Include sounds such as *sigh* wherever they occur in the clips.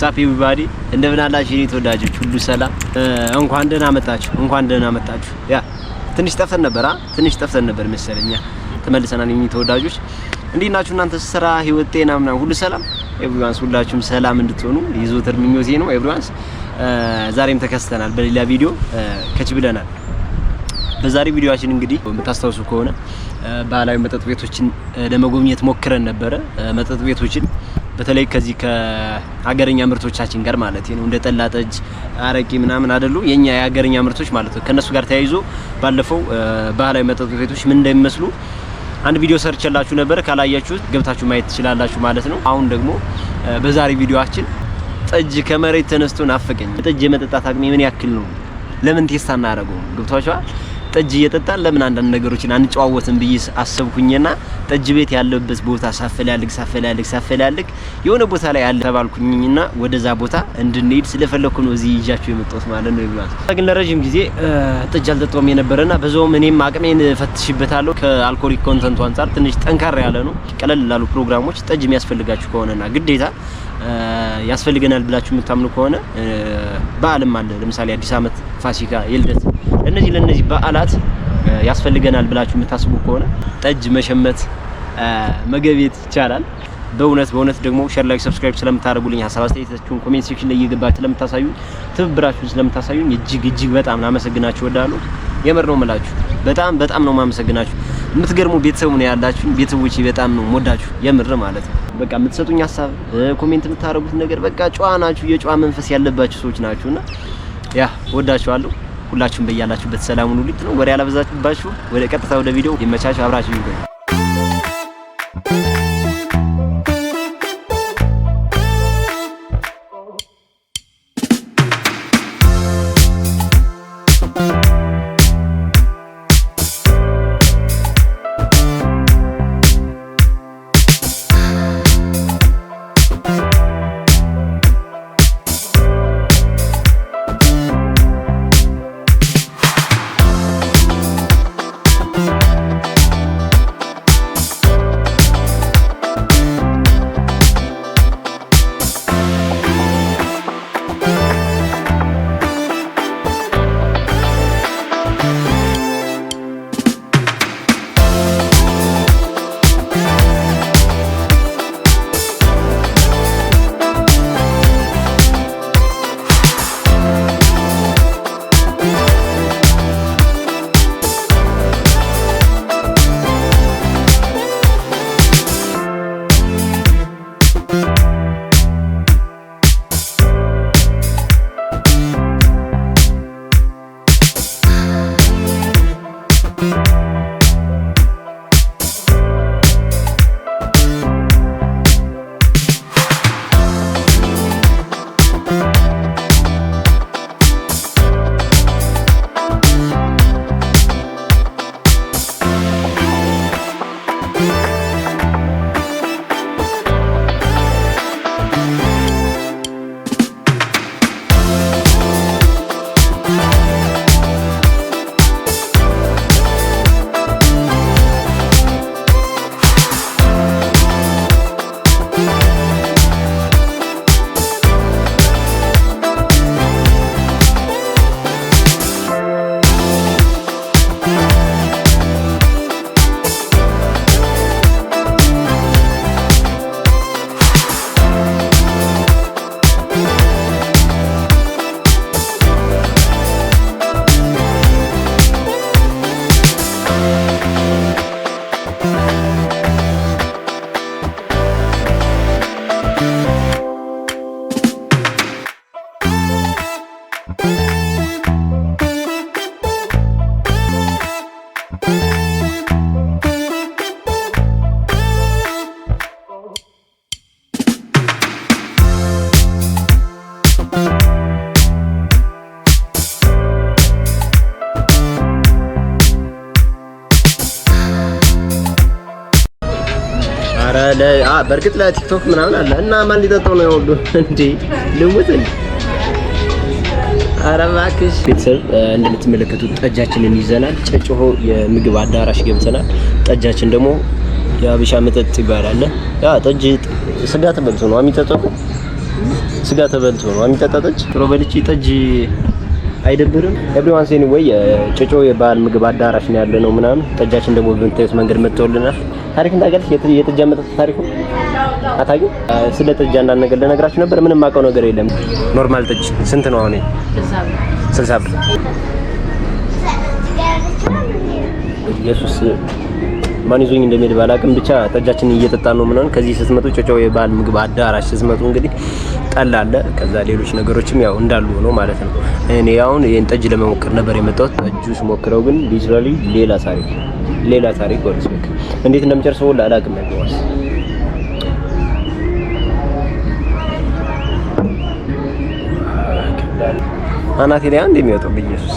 ሳፊ ቢባዲ እንደምን አላችሁ የኔ ተወዳጆች ሁሉ ሰላም፣ እንኳን ደህና መጣችሁ፣ እንኳን ደህና መጣችሁ። ያ ትንሽ ጠፍተን ነበር ትንሽ ጠፍተን ነበር መሰለኛ። ተመልሰናል የኔ ተወዳጆች፣ እንዴት ናችሁ እናንተ? ስራ፣ ህይወት፣ ጤና ምናምን ሁሉ ሰላም ኤቭሪዋንስ፣ ሁላችሁም ሰላም እንድትሆኑ የዘወትር ምኞቴ ነው ኤቭሪዋንስ። ዛሬም ተከስተናል በሌላ ቪዲዮ ከች ብለናል። በዛሬ ቪዲዮአችን እንግዲህ የምታስታውሱ ከሆነ ባህላዊ መጠጥ ቤቶችን ለመጎብኘት ሞክረን ነበረ። መጠጥ ቤቶችን በተለይ ከዚህ ከሀገረኛ ምርቶቻችን ጋር ማለት ነው እንደ ጠላ፣ ጠጅ፣ አረቂ ምናምን አይደሉ የኛ የሀገረኛ ምርቶች ማለት ነው። ከነሱ ጋር ተያይዞ ባለፈው ባህላዊ መጠጥ ቤቶች ምን እንደሚመስሉ አንድ ቪዲዮ ሰርችላችሁ ነበር። ካላያችሁት ገብታችሁ ማየት ትችላላችሁ ማለት ነው። አሁን ደግሞ በዛሬ ቪዲዮአችን ጠጅ ከመሬት ተነስቶ ናፈቀኝ፣ ጠጅ የመጠጣት አቅሜ ምን ያክል ነው፣ ለምን ቴስት አናደርገው? ገብታችኋል ጠጅ እየጠጣን ለምን አንዳንድ ነገሮችን አንጨዋወትም ብዬ አሰብኩኝና ጠጅ ቤት ያለበት ቦታ ሳፈላልግ ሳፈላልግ ሳፈላልግ የሆነ ቦታ ላይ ያለ ተባልኩኝና ወደዛ ቦታ እንድንሄድ ስለፈለኩ ነው እዚህ ይዣችሁ የመጣሁት ማለት ነው። ይብላል ግን ለረጅም ጊዜ ጠጅ አልጠጣሁም የነበረና በዛውም እኔም አቅሜን ፈትሽበታለሁ ከአልኮሊክ ኮንተንቱ አንጻር ትንሽ ጠንካራ ያለ ነው። ቀለል ላሉ ፕሮግራሞች ጠጅ የሚያስፈልጋችሁ ከሆነና ግዴታ ያስፈልገናል ብላችሁ የምታምኑ ከሆነ በዓልም አለ። ለምሳሌ አዲስ ዓመት፣ ፋሲካ፣ የልደት እነዚህ ለነዚህ በዓላት ያስፈልገናል ብላችሁ የምታስቡ ከሆነ ጠጅ መሸመት መገቤት ይቻላል። በእውነት በእውነት ደግሞ ሼር ላይክ ሰብስክራይብ ስለምታደርጉልኝ ሀሳብ አስተያየታችሁን ኮሜንት ሴክሽን ላይ እየገባችሁ ስለምታሳዩኝ ትብብራችሁን ስለምታሳዩኝ እጅግ እጅግ በጣም ላመሰግናችሁ እወዳለሁ። የምር ነው የምላችሁ። በጣም በጣም ነው ማመሰግናችሁ። የምትገርሙ ቤተሰቡ ነው ያላችሁ። ቤተሰቦቼ በጣም ነው የምወዳችሁ የምር ማለት ነው። በቃ የምትሰጡኝ ሀሳብ ኮሜንት የምታደርጉት ነገር በቃ ጨዋ ናችሁ። የጨዋ መንፈስ ያለባችሁ ሰዎች ናችሁና ያ ወዳችኋለሁ። ሁላችሁም በያላችሁበት ሰላሙን ሁሉ ወሬ አላበዛባችሁ፣ ወደ ቀጥታ ወደ ቪዲዮ ይመቻችሁ። አብራችሁ ይገኙ። Thank you. በእርግጥ ለቲክቶክ ምናምን አለ እና ማን ሊጠጣው ነው ያውሉ እንዴ ልሙት እንዴ ኧረ እባክሽ ቤተሰብ እንደምትመለከቱት ጠጃችንን ይዘናል። ጨጭሆ የምግብ አዳራሽ ገብተናል። ጠጃችን ደግሞ የአበሻ መጠጥ ይባላል። ያ ጠጅ ስጋ ተበልቶ ነው የሚጠጣው። ስጋ ተበልቶ ነው የሚጠጣ ጠጅ ጥሮ በልቼ ጠጅ አይደብርም። ኤቭሪዋን ሴኒ ወይ ጨጮ የባህል ምግብ አዳራሽ ነው ያለ ነው ምናምን። ጠጃችን ደግሞ በምታዩት መንገድ መጥቶልናል ታሪክ እንዳገልሽ የተጃመጠ ታሪኩ አታዩ። ስለ ጠጅ አንዳንድ ነገር ልነግራችሁ ነበር። ምንም አውቀው ነገር የለም። ኖርማል ጠጅ ስንት ነው አሁን? 60 ብር። ኢየሱስ ማን ይዞኝ እንደሚሄድ ባላቅም ብቻ ጠጃችንን እየጠጣ ነው ምናምን። ከዚህ ስትመጡ ጨጨው የባህል ምግብ አዳራሽ ስትመጡ እንግዲህ ጠላ አለ። ከዛ ሌሎች ነገሮችም ያው እንዳሉ ነው ማለት ነው። እኔ አሁን ይሄን ጠጅ ለመሞከር ነበር የመጣሁት። ጠጁ ሞክረው ግን ሊትራሊ ሌላ ታሪክ ሌላ ታሪክ ወርስ እንዴት እንደምጨርሰው ሁላ አላቅም ያገዋል አናቴ ላይ አንድ የሚወጣው በኢየሱስ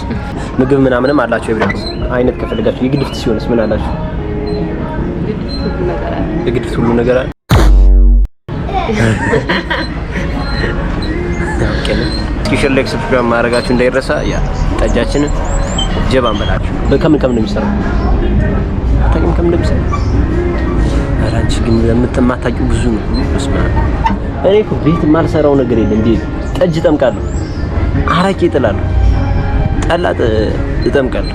ምግብ ምናምንም አላችሁ? ኤብሪያንስ አይነት ከፈልጋችሁ የግድፍት ሲሆንስ ምን አላችሁ? የግድፍት ሁሉ ነገር አለ። ሼር፣ ላይክ፣ ሰብስክራይብ ማድረጋችሁ እንዳይረሳ። ያ ጠጃችንን ጀባን በላችሁ። ከምን ከምን ነው የሚሰራው? ታቂም ከምን ነው የሚሰራው? ኧረ አንቺ ግን የምትማታቂው ብዙ ነው። እኔ እኮ ቤት የማልሰራው ነገር የለም። እንዴ ጠጅ ጠምቃለሁ አረቄ ይጥላሉ፣ ጠላ ይጠምቃሉ።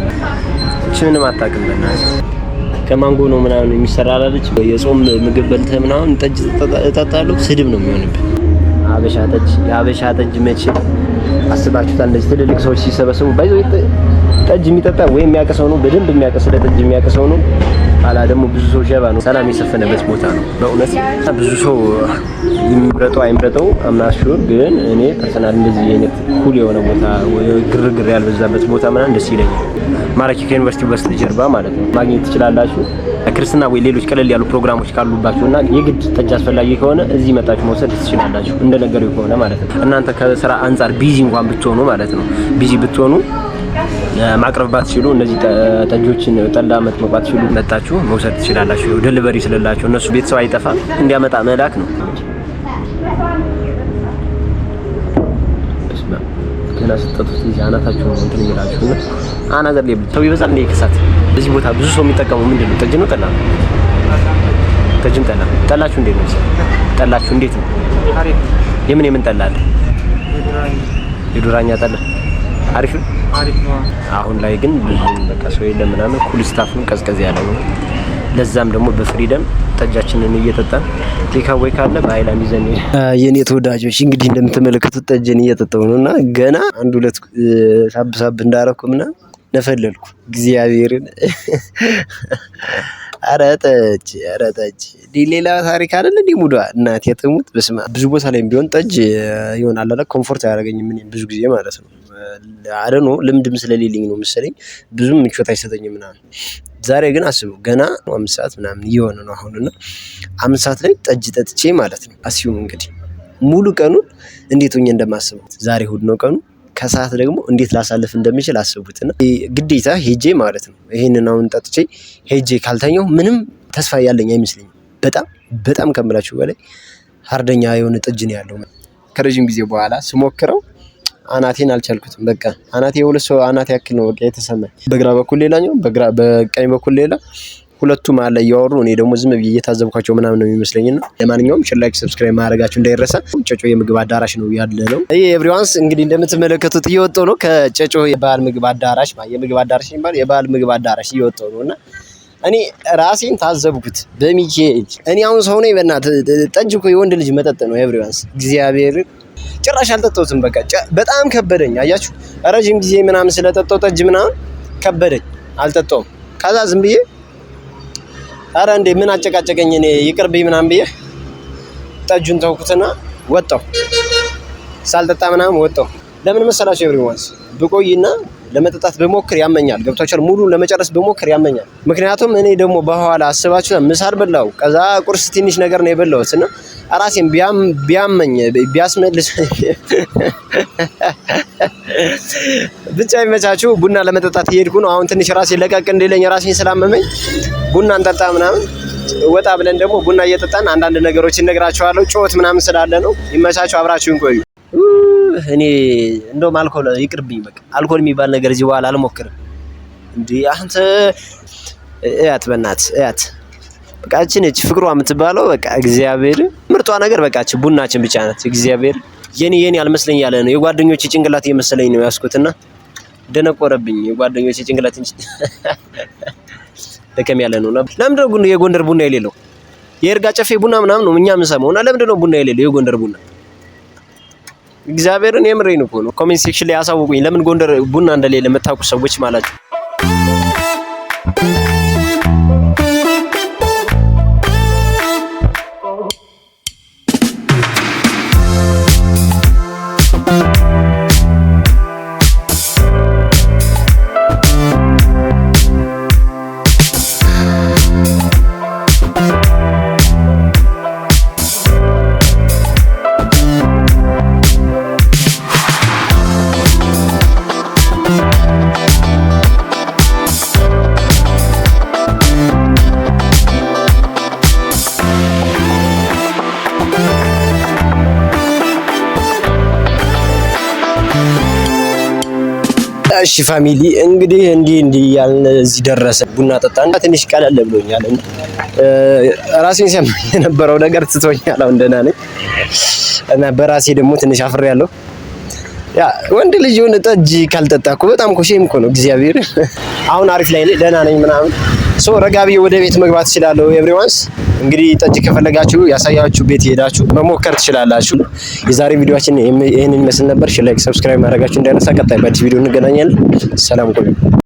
እቺ ምንም አታውቅም። ከማንጎ ነው ምናምን የሚሰራ አላለች። የጾም ምግብ በልተህ ምናምን ጠጅ እጠጣለሁ፣ ስድብ ነው የሚሆንብህ። አበሻ ጠጅ የአበሻ ጠጅ መቼ አስባችሁታል? እንደዚህ ትልልቅ ሰዎች ሲሰበሰቡ ባይዞ ጠጅ የሚጠጣ ወይ የሚያቀሰው ነው በደንብ የሚያቀሰው ለጠጅ የሚያቀሰው ነው። አላ ደግሞ ብዙ ሰው ሸባ ነው። ሰላም የሰፈነበት ቦታ ነው። በእውነት ብዙ ሰው ይምረጠው አይምረጠው አምናሹር፣ ግን እኔ ፐርሰናል እንደዚህ አይነት ኩል የሆነ ቦታ ግርግር ያልበዛበት ቦታ ምናምን ደስ ይለኛል። ማራኪካ ዩኒቨርሲቲ በስተጀርባ ማለት ነው ማግኘት ትችላላችሁ። ክርስትና ወይ ሌሎች ቀለል ያሉ ፕሮግራሞች ካሉባችሁና የግድ ጠጅ አስፈላጊ ከሆነ እዚህ መጣችሁ መውሰድ ትችላላችሁ። እንደነገረው ከሆነ ማለት ነው። እናንተ ከስራ አንጻር ቢዚ እንኳን ብትሆኑ ማለት ነው ቢዚ ብትሆኑ ማቅረብ ባትችሉ እነዚህ ጠጆችን ጠላ መጥመቅ ባትችሉ መጣችሁ መውሰድ ትችላላችሁ። ደሊቨሪ ስለላቸው እነሱ ቤተሰብ አይጠፋ እንዲያመጣ መላክ ነው። ገና ስጠጡት አናታችሁ እንትን ይላችሁ አናገር ሰው ይበዛል እንደ ከሳት እዚህ ቦታ ብዙ ሰው የሚጠቀመው ምንድን ነው? ጠጅ ነው? ጠላ ነው? ጠጅም ጠላ። ጠላችሁ እንዴት ነው? ጠላችሁ እንዴት ነው? የምን የምን ጠላ አለ? የዱራኛ ጠላ አሪፍ ነው። አሁን ላይ ግን ብዙ በቃ ሰው የለም ምናምን፣ ኩል ስታፍም ቀዝቀዝ ያለ ነው። ለዛም ደግሞ በፍሪደም ጠጃችንን እየጠጣን ቴካዌይ ካለ በሀይላንድ ይዘን የኔ ተወዳጆች እንግዲህ እንደምትመለከቱት ጠጅን እየጠጣው ነው እና ገና አንድ ሁለት ሳብሳብ እንዳረኩ ምናምን ለፈለልኩ እግዚአብሔርን *laughs* ኧረ ጠጅ ኧረ ጠጅ እንዲህ ሌላ ታሪክ አይደል እንዲህ ሙዷ እናቴ ትሙት በስመ አብ ብዙ ቦታ ላይም ቢሆን ጠጅ ይሆናል አለ ኮምፎርት አያደርገኝም እኔም ብዙ ጊዜ ማለት ነው አደኖ ልምድም ስለሌለኝ ነው መሰለኝ ብዙም ምቾት አይሰጠኝም ምናምን ዛሬ ግን አስቡ ገና አምስት ሰዓት ምናምን እየሆነ ነው አሁን እና አምስት ሰዓት ላይ ጠጅ ጠጥቼ ማለት ነው አስዩም እንግዲህ ሙሉ ቀኑን እንዴት ሆኜ እንደማስበው ዛሬ እሑድ ነው ቀኑ ከሰዓት ደግሞ እንዴት ላሳልፍ እንደሚችል አስቡት። ና ግዴታ ሄጄ ማለት ነው ይህንን አሁን ጠጥቼ ሄጄ ካልተኛው ምንም ተስፋ ያለኝ አይመስለኝም። በጣም በጣም ከምላችሁ በላይ ሀርደኛ የሆነ ጥጅ ነው ያለው። ከረዥም ጊዜ በኋላ ስሞክረው አናቴን አልቻልኩትም። በቃ አናቴ የሁለት ሰው አናቴ ያክል ነው በቃ የተሰማኝ። በግራ በኩል ሌላኛው፣ በቀኝ በኩል ሌላ ሁለቱ መሀል ላይ እያወሩ እኔ ደግሞ ዝም ብዬ እየታዘብኳቸው ምናምን ነው የሚመስለኝ። ና ለማንኛውም ላይክ ሰብስክራይብ ማድረጋችሁ እንዳይረሳ። ጨጮ የምግብ አዳራሽ ነው ያለ ነው ይሄ ኤቭሪዋንስ እንግዲህ እንደምትመለከቱት እየወጣው ነው ከጨጮ የባህል ምግብ አዳራሽ የምግብ አዳራሽ የሚባል የባህል ምግብ አዳራሽ እየወጣው ነው እና እኔ ራሴን ታዘብኩት በሚካኤል እኔ አሁን ሰው ነኝ። በእናትህ ጠጅ እኮ የወንድ ልጅ መጠጥ ነው ኤቭሪዋንስ እግዚአብሔር ጭራሽ አልጠጠውትም። በቃ በጣም ከበደኝ። አያችሁ ረዥም ጊዜ ምናምን ስለጠጠው ጠጅ ምናምን ከበደኝ፣ አልጠጠውም። ከዛ ዝም ብዬ አረ እንዴ ምን አጨቃጨቀኝ እኔ ይቅርብኝ ምናምን ብዬ ጠጁን ተውኩትና ወጣው ሳልጠጣ ምናምን ወጣው ለምን መሰላችሁ ኤቭሪዋንስ ብቆይና ለመጠጣት ብሞክር ያመኛል። ገብቷቸዋል። ሙሉ ለመጨረስ ብሞክር ያመኛል። ምክንያቱም እኔ ደግሞ በኋላ አስባችሁ ምሳ አልበላሁ፣ ከዛ ቁርስ ትንሽ ነገር ነው የበላሁት እና ራሴን ቢያመኝ ቢያስመልስ *laughs* ብቻ ይመቻችሁ። ቡና ለመጠጣት እየሄድኩ ነው አሁን ትንሽ ራሴ ለቀቅ እንዲለኝ ራሴን ስላመመኝ ቡና እንጠጣ ምናምን ወጣ ብለን ደግሞ ቡና እየጠጣን አንዳንድ ነገሮች እነግራችኋለሁ። ጩኸት ምናምን ስላለ ነው። ይመቻችሁ። አብራችሁን ቆዩ። እኔ እንደውም አልኮል ይቅርብኝ። በቃ አልኮል የሚባል ነገር እዚህ በኋላ አልሞክርም። እንዲህ አንተ እያት በእናት እያት በቃ እች ፍቅሯ የምትባለው በቃ እግዚአብሔር ምርጧ ነገር በቃ ቡናችን ብቻ ናት። እግዚአብሔር የኔ የኔ አልመስለኝ ያለ ነው። የጓደኞች ጭንቅላት እየመሰለኝ ነው ያስኩትና ደነቆረብኝ። የጓደኞች ጭንቅላት እንጂ ደከም ያለ ነው። ለምንድነው የጎንደር ቡና የሌለው? የእርጋ ጨፌ ቡና ምናምን ነው እኛ የምንሰማው እና ለምንድነው ቡና የሌለው የጎንደር ቡና? እግዚአብሔርን የምሬን እኮ ነው። ኮሜንት ሴክሽን ላይ አሳውቁኝ፣ ለምን ጎንደር ቡና እንደሌለ የምታውቁ ሰዎች ማለት ነው። እሺ ፋሚሊ እንግዲህ እንዲህ እንዲህ እያልን እዚህ ደረሰ። ቡና ጠጣን። ትንሽ ቀለል ብሎኛል። ራሴን ሲያመኝ የነበረው ነገር ትቶኛል። አሁን ደህና ነኝ እና በራሴ ደግሞ ትንሽ አፍሬያለሁ። ያ ወንድ ልጅ የሆነ ጠጅ ካልጠጣ እኮ በጣም ኮሼም እኮ ነው እግዚአብሔር። አሁን አሪፍ ላይ ደህና ነኝ ምናምን ሶ ረጋቢ ወደ ቤት መግባት እችላለሁ። ኤቭሪዋንስ እንግዲህ ጠጅ ከፈለጋችሁ ያሳያችሁ ቤት ሄዳችሁ መሞከር ትችላላችሁ። የዛሬ ቪዲዮችን ይህንን ይመስል ነበር። ላይክ፣ ሰብስክራይብ ማድረጋችሁ እንዳይነሳ። ቀጣይ በአዲስ ቪዲዮ እንገናኛለን። ሰላም ቆዩ።